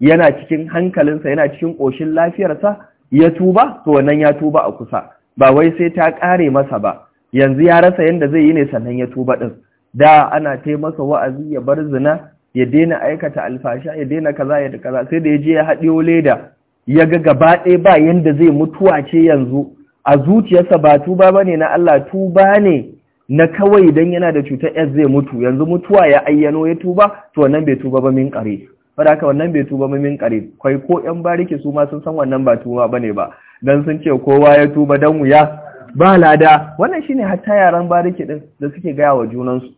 A: yana cikin hankalinsa yana cikin ƙoshin lafiyarsa ya tuba to wannan ya tuba a kusa ba wai sai ta ƙare masa ba yanzu ya rasa yadda zai yi ne sannan ya tuba ɗin da ana tai masa wa'azi ya bar zina ya daina aikata alfasha ya daina kaza ya kaza sai da ya je ya haɗiyo leda ya ga gaba ɗaya ba yadda zai mutuwa ce yanzu a zuciyarsa ba tuba ba ne na Allah tuba ne na kawai idan yana da cutar 'yanzu zai mutu yanzu mutuwa ya ayyano ya tuba to nan bai tuba ba min ƙare wadda aka wannan bai tuba min qarib Kwai ko yan bariki su ma sun san wannan ba tuba ne ba dan sun ce kowa ya tuba dan wuya ba lada wannan shine hatta yaran bariki din da suke gaya wa junansu.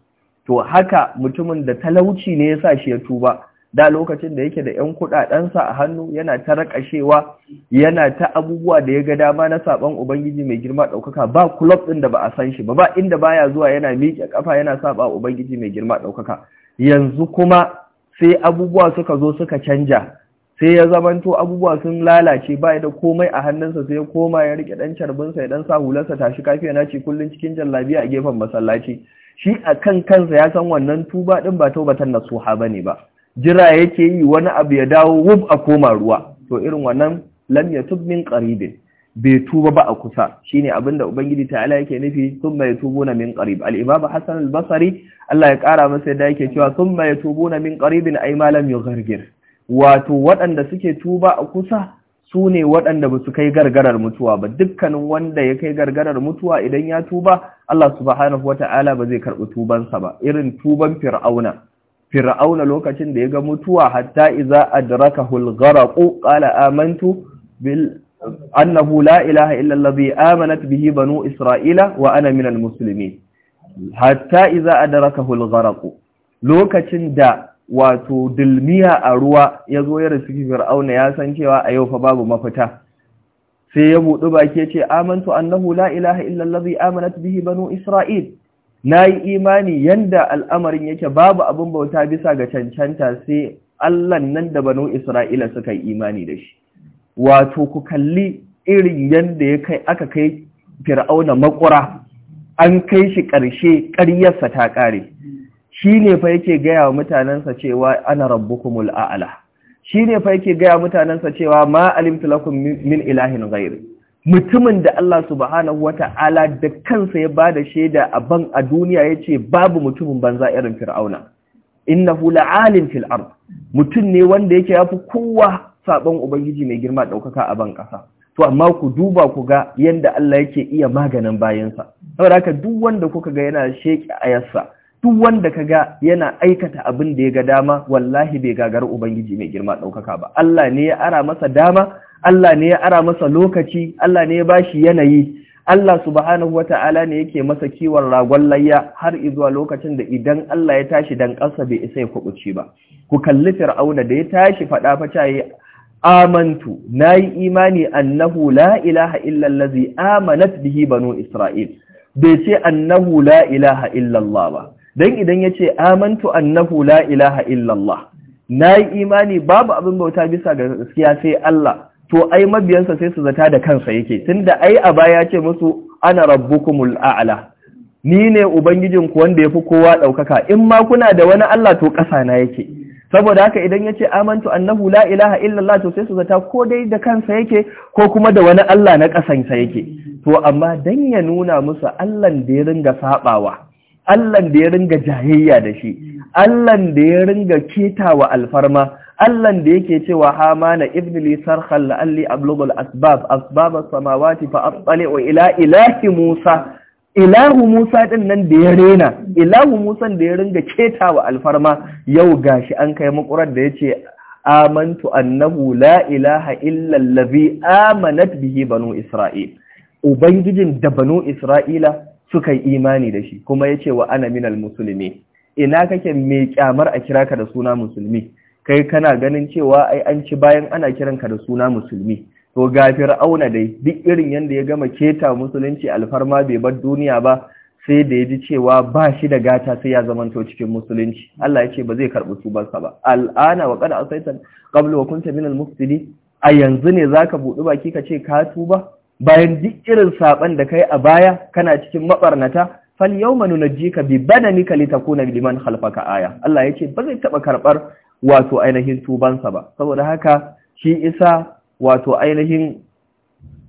A: to haka mutumin da talauci ne ya sa shi ya tuba da lokacin da yake da yan kudadensa a hannu yana ta rakashewa yana ta abubuwa da ya ga dama na saban ubangiji mai girma ɗaukaka. ba kulob ɗin da ba a san shi ba ba inda baya zuwa yana miƙe ƙafa yana saba ubangiji mai girma ɗaukaka. yanzu kuma sai abubuwa suka zo suka canja sai ya zamanto abubuwa sun lalace ba da komai a hannunsa sai ya koma ya rike dan carbinsa ya dan sa hularsa tashi kafiya na ce kullun cikin jallabi a gefen masallaci shi a kan kansa ya san wannan tuba ɗin ba taubatan nasuha ba ne ba jira yake yi wani abu ya dawo wub a koma ruwa to irin wannan lam yatub min qaribin bai tuba ba a kusa shine abinda ubangiji ta'ala yake nufi thumma yatubuna min qarib al-imam hasan al-basri Allah ya kara masa ya yake cewa thumma yatubuna min qaribin ay ma lam yughargir wato waɗanda suke tuba a kusa su ne waɗanda ba su kai gargarar mutuwa ba dukkanin wanda ya kai gargarar mutuwa idan ya tuba Allah subhanahu wata'ala ba zai karɓi tubansa ba irin tuban fir'auna fir'auna lokacin da ya ga mutuwa hatta iza adrakahu al-gharaqu qala amantu bil annahu la'ilaha ilaha illa allazi amanat bihi banu isra'ila wa ana minal muslimin hatta idza adrakahu al-gharq lokacin da wato dilmiya a ruwa ya zo ya rasu fir'auna ya san cewa a yau fa babu mafita sai ya buɗi baki ya ce amantu annahu la'ilaha ilaha illa allazi amanat bihi banu isra'il nayi imani yanda al'amarin yake babu abin bauta bisa ga cancanta sai Allah nan da banu isra'ila suka yi imani da shi wato ku kalli irin yadda ya kai aka kai fir'auna makura an kai shi ƙarshe ƙaryarsa ta ƙare shi ne fa yake gaya wa mutanensa cewa ana kuma al'ala shi ne fa yake gaya mutanensa cewa ma alimtu lakum min ilahin ghairi mutumin da Allah subhanahu wata'ala da kansa ya da shaida a ban a duniya ya ce babu mutumin banza irin fir'auna innahu la'alim alin ard mutum ne wanda yake yafi kowa saɓon ubangiji mai girma ɗaukaka a ban ƙasa to amma ku duba ku ga yadda Allah yake iya maganin bayansa saboda haka duk wanda kuka ga yana sheƙi ayarsa duk wanda ka ga yana aikata abin da ya ga dama wallahi bai gagar ubangiji mai girma ɗaukaka ba Allah ne ya ara masa dama Allah ne ya ara masa lokaci Allah ne ya bashi yanayi Allah subhanahu ta'ala ne yake masa kiwon ragon layya har zuwa lokacin da idan Allah ya tashi dan ƙasa bai isa ya kubuci ba ku kalli fir'auna da ya tashi faɗa fa cayi amantu nayi imani annahu la ilaha illa amanat bihi banu isra'il bai ce annahu la ilaha illa ba dan idan yace amantu annahu la ilaha illa Allah nayi imani babu abin bauta bisa ga gaskiya sai Allah to ai mabiyansa sai su zata da kansa yake tunda ai a baya ce musu ana rabbukumul a'la ni ne ubangijinku wanda yafi kowa daukaka in ma kuna da wani Allah to ƙasa na yake saboda haka idan yace amantu annahu la ilaha illallah to sai su zata ko dai da kansa yake ko kuma da wani Allah na kasan sa yake to amma dan ya nuna musu Allahn da ya ringa sabawa Allahn da ya ringa jahiyya da shi Allahn da ya ringa ketawa alfarma Allahn da yake cewa hamana ibn li sarhal la'alli ablughu al-asbab asbab as-samawati fa wa ila ilahi Musa ilahu musa ɗin nan da ya rena ilahu musa da ya ringa wa alfarma yau ga shi an kai makurar da ce amantu annahu la ilaha illa amanat bihi banu isra'il ubangijin da banu isra'ila suka yi imani da shi kuma ya ce wa ana minal musulmi ina kake mai kyamar a kira ka da suna musulmi kai kana ganin cewa ai an ci bayan ana kiranka da suna musulmi to ga fir'auna dai duk irin yadda ya gama keta musulunci alfarma bai bar duniya ba sai da ya ji cewa ba shi da gata sai ya zamanto cikin musulunci Allah ya ce ba zai karɓi tubarsa ba al'ana wa kada asaita qablu wa kunta minal mufsidin a yanzu ne zaka buɗi baki ka ce ka tuba bayan duk irin saban da kai a baya kana cikin mabarnata fal ji ka bi ni badanika litakuna liman khalfaka aya Allah ya ce ba zai taba karɓar wato ainihin tubansa ba saboda haka shi isa wato ainihin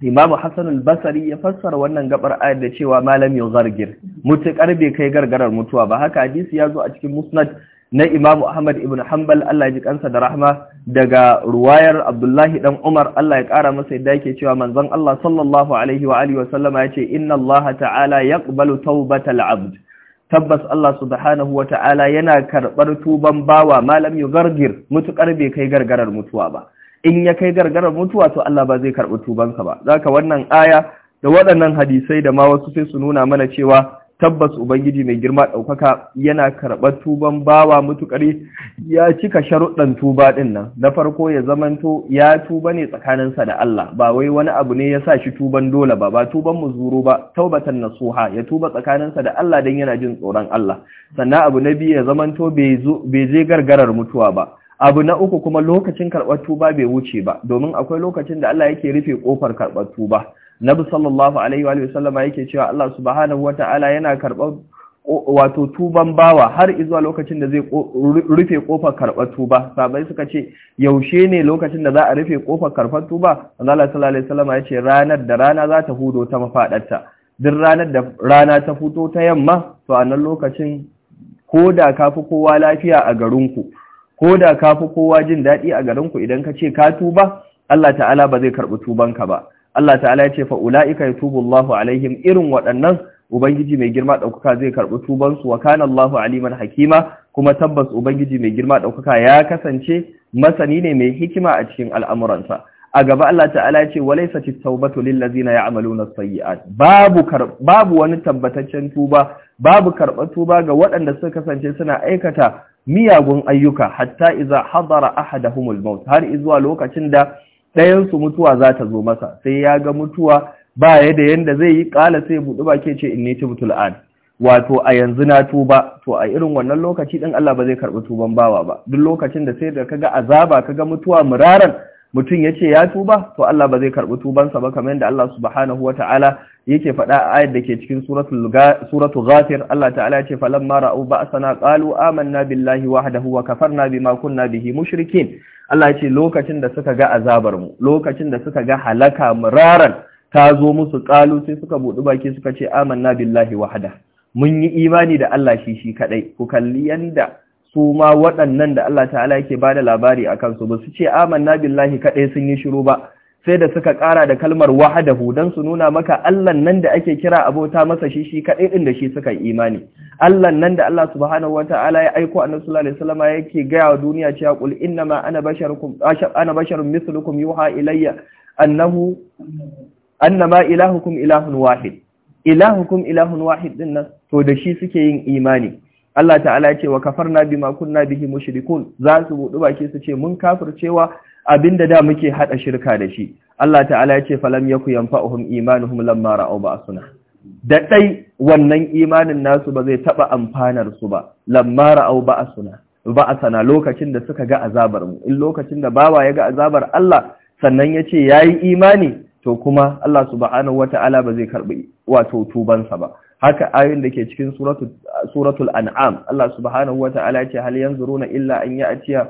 A: imamu hassan basari ya fassara wannan gabar ayar da cewa malam yau zargir mutukar bai kai gargarar mutuwa ba haka hadisi ya zo a cikin musnad na imamu ahmad ibn hanbal allah ji kansa da rahma daga ruwayar abdullahi dan umar allah ya kara masa yadda yake cewa manzon allah sallallahu alaihi wa alihi wa sallama yace inna allah ta'ala yaqbalu tawbatal abd tabbas allah subhanahu wa ta'ala yana karbar tuban bawa malam yau zargir mutukar bai kai gargarar mutuwa ba in ya kai gargarar mutuwa to Allah ba zai karɓi tubansa ba zaka wannan aya da waɗannan hadisai da ma wasu sai su nuna mana cewa tabbas ubangiji mai girma ɗaukaka yana karɓar tuban bawa mutuƙari. ya cika sharuɗan tuba ɗin nan na farko ya zamanto ya tuba ne tsakaninsa da Allah ba wai wani abu ne ya sa shi tuban dole ba ba tuban muzuru ba taubatan nasuha ya tuba tsakaninsa da Allah don yana jin tsoron Allah sannan abu na biyu ya zamanto bai je gargarar mutuwa ba abu na uku kuma lokacin karɓar tuba bai wuce ba domin akwai lokacin da Allah yake rufe kofar karɓar tuba nabi sallallahu alaihi wa sallama yake cewa Allah subhanahu wata'ala yana karɓar wato tuban bawa har izuwa lokacin da zai rufe kofar karɓar tuba sabai suka ce yaushe ne lokacin da za a rufe kofar karɓar tuba Allah sallallahu alaihi wa ya yace ranar da rana za ta hudo ta mafadarta duk ranar da rana ta fito ta yamma to a nan lokacin ko da ka fi kowa lafiya a garinku ko da ka fi kowa jin daɗi a garinku idan ka ce ka tuba Allah ta'ala ba zai karɓi tubanka ba Allah ta'ala ya ce fa ulaika yatubu Allahu alaihim irin waɗannan ubangiji mai girma ɗaukaka zai karɓi tubansu wa kana Allahu aliman hakima kuma tabbas ubangiji mai girma ɗaukaka ya kasance masani ne mai hikima a cikin al'amuransa a gaba Allah ta'ala ya ce walaysa at-taubatu lil ladzina ya'maluna as-sayyi'at babu babu wani tabbataccen tuba babu karɓar tuba ga waɗanda suka kasance suna aikata miyagun ayyuka hatta iza hadara ahadahumul maut har izuwa lokacin da ɗayan su mutuwa za ta zo masa sai ya ga mutuwa ba ya da yanda zai yi kala sai budu ba ke ce inni tubtul an wato a yanzu na tuba to a irin wannan lokaci din Allah ba zai karɓi tuban bawa ba duk lokacin da sai da kaga azaba kaga mutuwa muraran mutum ya ce ya tuba to Allah ba zai karɓi tubansa ba kamar yadda Allah subhanahu wata'ala yake faɗa a ayar da ke cikin suratu ghafir Allah ta'ala ya ce falamma ra'u ba'sana qalu amanna billahi wahdahu wa kafarna bima kunna bihi mushrikin Allah ya ce lokacin da suka ga azabar mu lokacin da suka ga halaka muraran ta zo musu qalu sai suka buɗi baki suka ce amanna billahi wahda mun yi imani da Allah shi shi kadai ku kalli yanda su ma waɗannan da Allah ta'ala yake ba da labari a kansu ba su ce amanna billahi kaɗai sun yi shiru ba sai da suka ƙara da kalmar wahadahu don su nuna maka Allah nan da ake kira abota masa shi shi kaɗai ɗin da shi suka yi imani Allah nan da Allah subhanahu wata'ala ya aiko annabi sallallahu alaihi yake gaya wa duniya cewa qul inna ma ana basharukum ana basharun mislukum yuha ilayya annahu annama ilahukum ilahun wahid ilahukum ilahun wahid din nan to da shi suke yin imani Allah ta'ala ya ce wa kafarna bima kunna bihi mushrikun za su budu baki su ce mun kafircewa abinda da muke hada shirka da shi Allah ta'ala ya ce falam yaku yanfa'uhum imanuhum lamma ra'u ba'suna da dai wannan imanin nasu ba zai taba amfanar su ba lamma ra'u ba'suna ba'sana lokacin da suka ga azabar mu in lokacin da bawa ya ga azabar Allah sannan ya ce yayi imani to kuma Allah subhanahu wata'ala ba zai karbi wato tubansa ba haka ayoyin da ke cikin suratul an'am Allah subhanahu ta'ala ya ce hal yanzuruna illa an ya'tiya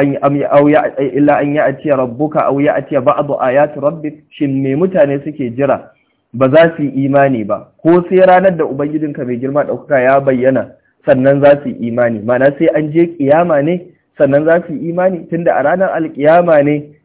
A: illa an ya'tiya rabbuka aw ya'tiya ba'd ayati rabbik shin me mutane suke jira ba za su imani ba ko sai ranar da ubangijinka mai girma dauka ya bayyana sannan za su imani mana sai an je kiyama ne sannan za su imani tunda a ranar alkiyama ne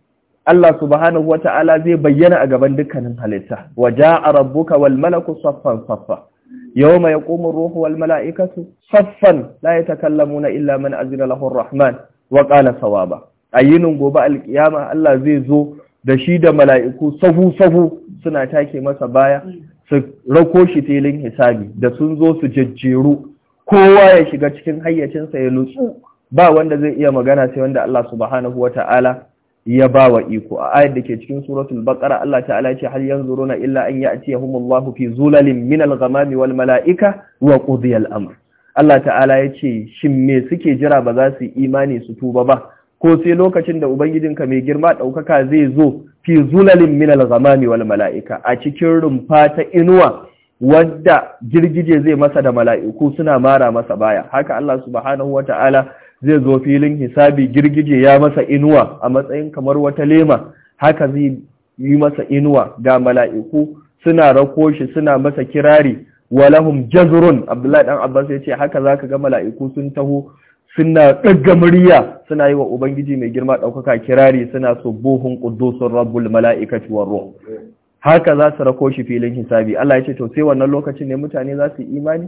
A: Allah subhanahu ta’ala zai bayyana a gaban dukkanin halitta wa ja'a rabbuka wal malaku saffan saffa yawma yaqumu ar-ruhu wal mala'ikatu saffan la yatakallamuna illa man azina lahu ar-rahman wa qala sawaba ayinin gobe alkiyama Allah zai zo da shi da mala'iku sahu sahu suna take masa baya su rako shi filin hisabi da sun zo su jajjeru kowa ya shiga cikin hayyacinsa ya lutsu ba wanda zai iya magana sai wanda Allah subhanahu ta’ala ya ba wa iko a ayar da ke cikin suratul baqara Allah ta'ala ce hal yanzuruna illa an Allah fi zulalin min al-ghamami wal mala'ika wa qudiya al-amr Allah ta'ala ya ce shin me suke jira ba za su imani su tuba ba ko sai lokacin da ubangijinka mai girma daukaka zai zo fi zulalin min al-ghamami wal mala'ika a cikin rumfa ta inuwa wanda girgije zai masa da mala'iku suna mara masa baya haka Allah subhanahu wata'ala zai zo filin hisabi girgije ya masa inuwa a matsayin kamar wata lema haka zai yi masa inuwa ga mala'iku suna rako shi suna masa kirari walahum jazrun abdullahi dan abbas ya ce haka zaka ga mala'iku sun taho suna ɗaga murya suna yi wa ubangiji mai girma ɗaukaka kirari suna subuhun quddusun rabbul mala'ikati war haka za su rako shi filin hisabi Allah ya ce to sai wannan lokacin ne mutane za su imani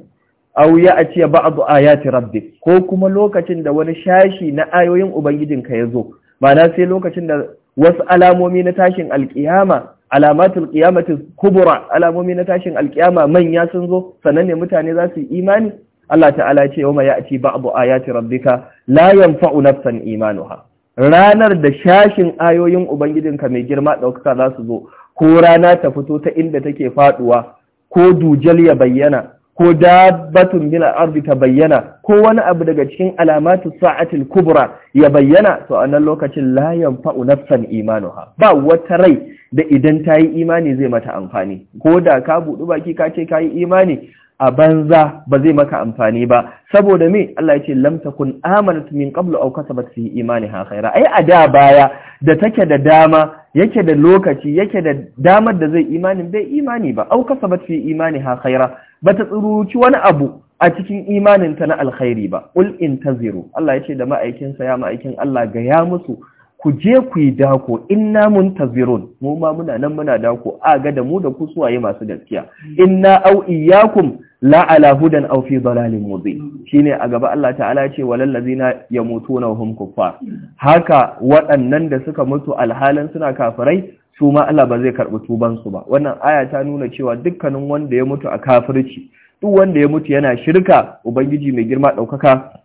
A: aw ya atiya ba'd ayati rabbi! ko kuma lokacin da wani shashi na ayoyin ubangijinka yazo mana sai lokacin da wasu alamomi na tashin alkiyama alamatul qiyamati kubra alamomi na tashin alkiyama manya sun zo sannan ne mutane za su yi imani Allah ta'ala ce wa ya ati ba'd ayati rabbika la yanfa'u nafsan imanuha ranar da shashin ayoyin ubangijinka mai girma ɗaukaka za su zo ko rana ta fito ta inda take faduwa ko dujal ya bayyana ko dabbatun bil ardi ta bayyana ko wani abu daga cikin alamatu sa'atil kubra ya bayyana to a nan lokacin la yanfa'u nafsan imanuha ba wata rai da idan ta yi imani zai mata amfani ko da ka buɗu baki ka ce ka yi imani a banza ba zai maka amfani ba saboda me Allah ya ce lam takun amanat min qablu aw kasabat fi imaniha khaira ai a da baya da take da dama yake da lokaci yake da damar da zai imanin bai imani ba aw kasabat fi imaniha khaira bata tsuruci wani abu a cikin imaninta na alkhairi ba ul intaziru Allah ya ce da ma'aikinsa ya ma'aikin Allah ga ya musu ku je ku yi dako inna muntazirun mu ma muna nan muna dako a ga da mu da ku suwaye masu gaskiya inna au iyyakum la ala hudan aw fi dalalin mubin shine a gaba Allah ta'ala ya ce walal ladina yamutuna hum kuffar haka waɗannan da suka mutu alhalan suna kafirai su ma Allah ba zai karɓi tubansu ba wannan aya ta nuna cewa dukkanin wanda ya mutu a kafirci duk wanda ya mutu yana shirka ubangiji mai girma ɗaukaka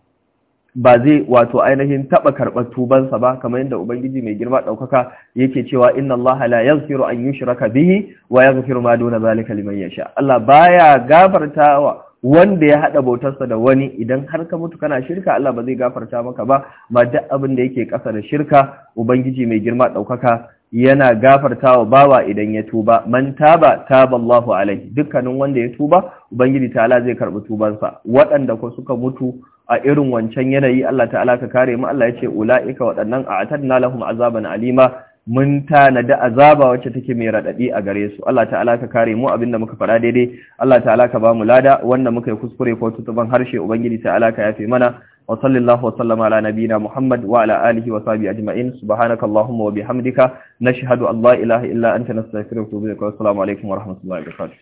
A: ba zai wato ainihin taɓa karɓar tubansa ba kamar yadda ubangiji mai girma ɗaukaka yake cewa inna Allah la yaghfiru an yi yushraka bihi wa yaghfiru ma duna zalika liman sha. Allah baya gafartawa wanda ya haɗa bautarsa da wani idan har ka mutu kana shirka Allah ba zai gafarta maka ba ma duk abin da yake ƙasa da shirka ubangiji mai girma ɗaukaka yana gafarta wa bawa idan ya tuba man taba taba Allahu alaihi dukkanin wanda ya tuba ubangiji ta'ala zai karbi tubansa waɗanda ko suka mutu a irin wancan yanayi Allah ta'ala ka kare mu Allah yace ulaika waɗannan a'tadna lahum azaban alima mun tanada azaba wacce take mai radadi a gare su Allah ta'ala ka kare mu abinda muka fara daidai Allah ta'ala ka ba mu lada wanda muka yi kuskure ko tutuban harshe ubangiji ta'ala ka yafe mana wa sallallahu wa sallama ala nabina Muhammad wa ala alihi wa sahbihi ajma'in subhanaka allahumma wa bihamdika nashhadu an la ilaha illa anta nastaghfiruka wa natubu ilaik assalamu alaikum wa rahmatullahi wa barakatuh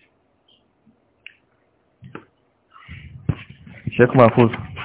B: Sheikh Mahfuz